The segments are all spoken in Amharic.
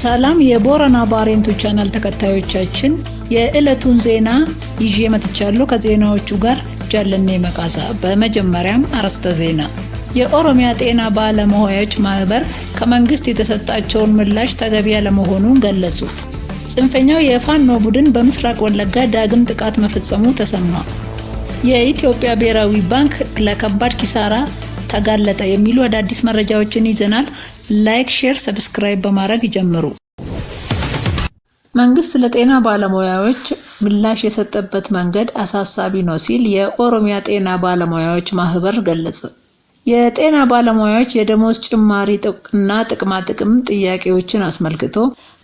ሰላም የቦረና ባሬንቱ ቻናል ተከታዮቻችን የዕለቱን ዜና ይዤ መጥቻለሁ። ከዜናዎቹ ጋር ጃለኔ መቃሳ። በመጀመሪያም አርዕስተ ዜና የኦሮሚያ ጤና ባለሙያዎች ማህበር ከመንግስት የተሰጣቸውን ምላሽ ተገቢ ያለመሆኑን ገለጹ። ጽንፈኛው የፋኖ ቡድን በምስራቅ ወለጋ ዳግም ጥቃት መፈጸሙ ተሰማ። የኢትዮጵያ ብሔራዊ ባንክ ለከባድ ኪሳራ ተጋለጠ የሚሉ አዳዲስ መረጃዎችን ይዘናል። ላይክ፣ ሼር፣ ሰብስክራይብ በማድረግ ይጀምሩ። መንግስት ለጤና ባለሙያዎች ምላሽ የሰጠበት መንገድ አሳሳቢ ነው ሲል የኦሮሚያ ጤና ባለሙያዎች ማህበር ገለጸ። የጤና ባለሙያዎች የደሞዝ ጭማሪ እና ጥቅማ ጥቅም ጥያቄዎችን አስመልክቶ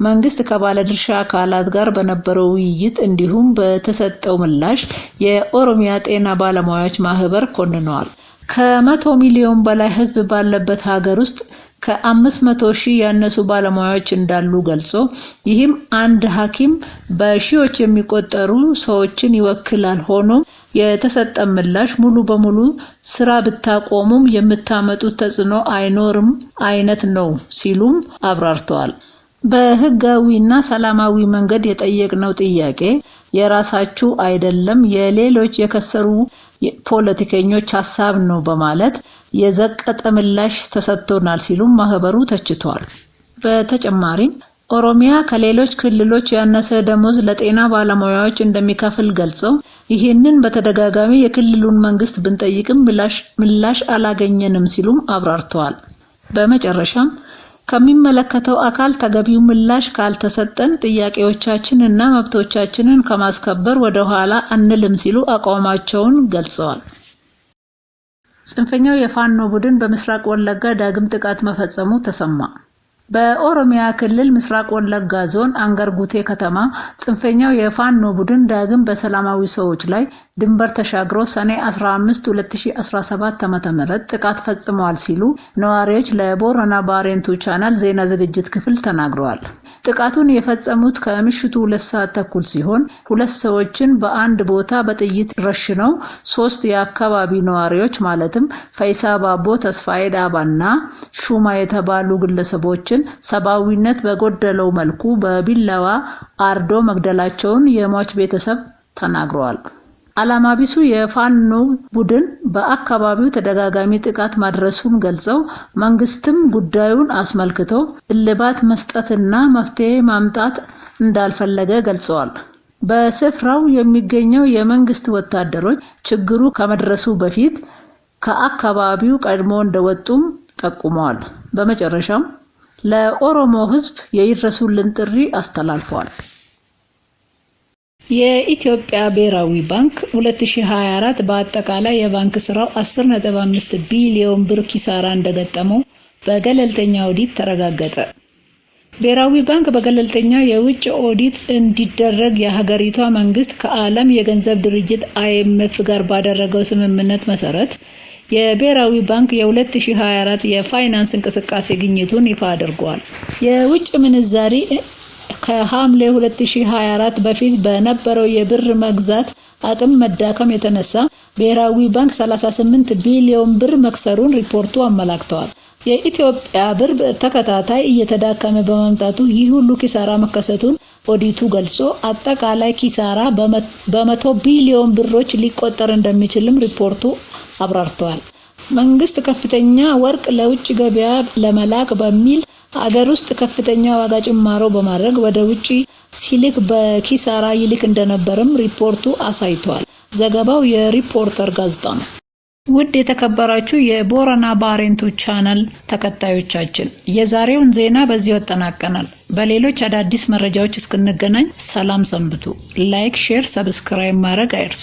መንግስት ከባለድርሻ አካላት ጋር በነበረው ውይይት እንዲሁም በተሰጠው ምላሽ የኦሮሚያ ጤና ባለሙያዎች ማህበር ኮንነዋል። ከመቶ ሚሊዮን በላይ ሕዝብ ባለበት ሀገር ውስጥ ከ500 ሺህ ያነሱ ባለሙያዎች እንዳሉ ገልጾ ይህም አንድ ሐኪም በሺዎች የሚቆጠሩ ሰዎችን ይወክላል። ሆኖም የተሰጠ ምላሽ ሙሉ በሙሉ ስራ ብታቆሙም የምታመጡት ተጽዕኖ አይኖርም አይነት ነው ሲሉም አብራርተዋል። በህጋዊና ሰላማዊ መንገድ የጠየቅነው ጥያቄ የራሳችሁ አይደለም፣ የሌሎች የከሰሩ ፖለቲከኞች ሀሳብ ነው በማለት የዘቀጠ ምላሽ ተሰጥቶናል ሲሉም ማህበሩ ተችቷል። በተጨማሪም ኦሮሚያ ከሌሎች ክልሎች ያነሰ ደሞዝ ለጤና ባለሙያዎች እንደሚከፍል ገልጸው ይህንን በተደጋጋሚ የክልሉን መንግስት ብንጠይቅም ምላሽ አላገኘንም ሲሉም አብራርተዋል። በመጨረሻም ከሚመለከተው አካል ተገቢው ምላሽ ካልተሰጠን ጥያቄዎቻችን እና መብቶቻችንን ከማስከበር ወደ ኋላ አንልም ሲሉ አቋማቸውን ገልጸዋል። ጽንፈኛው የፋኖ ቡድን በምስራቅ ወለጋ ዳግም ጥቃት መፈጸሙ ተሰማ። በኦሮሚያ ክልል ምስራቅ ወለጋ ዞን አንገርጉቴ ከተማ ጽንፈኛው የፋኖ ቡድን ዳግም በሰላማዊ ሰዎች ላይ ድንበር ተሻግሮ ሰኔ 15 2017 ም ጥቃት ፈጽመዋል ሲሉ ነዋሪዎች ለቦረና ባሬንቱ ቻናል ዜና ዝግጅት ክፍል ተናግረዋል። ጥቃቱን የፈጸሙት ከምሽቱ ሁለት ሰዓት ተኩል ሲሆን ሁለት ሰዎችን በአንድ ቦታ በጥይት ረሽነው ሶስት የአካባቢ ነዋሪዎች ማለትም ፈይሳ ባቦ፣ ተስፋዬ ዳባና ሹማ የተባሉ ግለሰቦችን ሰብአዊነት በጎደለው መልኩ በቢላዋ አርዶ መግደላቸውን የሟች ቤተሰብ ተናግረዋል። አላማቢሱ የፋኖ ቡድን በአካባቢው ተደጋጋሚ ጥቃት ማድረሱን ገልጸው መንግስትም ጉዳዩን አስመልክቶ እልባት መስጠትና መፍትሄ ማምጣት እንዳልፈለገ ገልጸዋል። በስፍራው የሚገኘው የመንግስት ወታደሮች ችግሩ ከመድረሱ በፊት ከአካባቢው ቀድሞ እንደወጡም ጠቁመዋል። በመጨረሻም ለኦሮሞ ሕዝብ የይድረሱልን ጥሪ አስተላልፈዋል። የኢትዮጵያ ብሔራዊ ባንክ 2024 በአጠቃላይ የባንክ ስራው 10.5 ቢሊዮን ብር ኪሳራ እንደገጠመው በገለልተኛ ኦዲት ተረጋገጠ። ብሔራዊ ባንክ በገለልተኛ የውጭ ኦዲት እንዲደረግ የሀገሪቷ መንግስት ከዓለም የገንዘብ ድርጅት አይኤምኤፍ ጋር ባደረገው ስምምነት መሰረት የብሔራዊ ባንክ የ2024 የፋይናንስ እንቅስቃሴ ግኝቱን ይፋ አድርጓል። የውጭ ምንዛሪ ከሐምሌ 2024 በፊት በነበረው የብር መግዛት አቅም መዳከም የተነሳ ብሔራዊ ባንክ 38 ቢሊዮን ብር መክሰሩን ሪፖርቱ አመላክተዋል። የኢትዮጵያ ብር ተከታታይ እየተዳከመ በመምጣቱ ይህ ሁሉ ኪሳራ መከሰቱን ኦዲቱ ገልጾ አጠቃላይ ኪሳራ በመቶ ቢሊዮን ብሮች ሊቆጠር እንደሚችልም ሪፖርቱ አብራርተዋል። መንግስት ከፍተኛ ወርቅ ለውጭ ገበያ ለመላክ በሚል አገር ውስጥ ከፍተኛ ዋጋ ጭማሮ በማድረግ ወደ ውጭ ሲልክ በኪሳራ ይልክ እንደነበርም ሪፖርቱ አሳይቷል። ዘገባው የሪፖርተር ጋዜጣ ነው። ውድ የተከበራችሁ የቦረና ባሬንቱ ቻናል ተከታዮቻችን የዛሬውን ዜና በዚህ ያጠናቀናል። በሌሎች አዳዲስ መረጃዎች እስክንገናኝ ሰላም ሰንብቱ። ላይክ፣ ሼር፣ ሰብስክራይብ ማድረግ አይርሱ።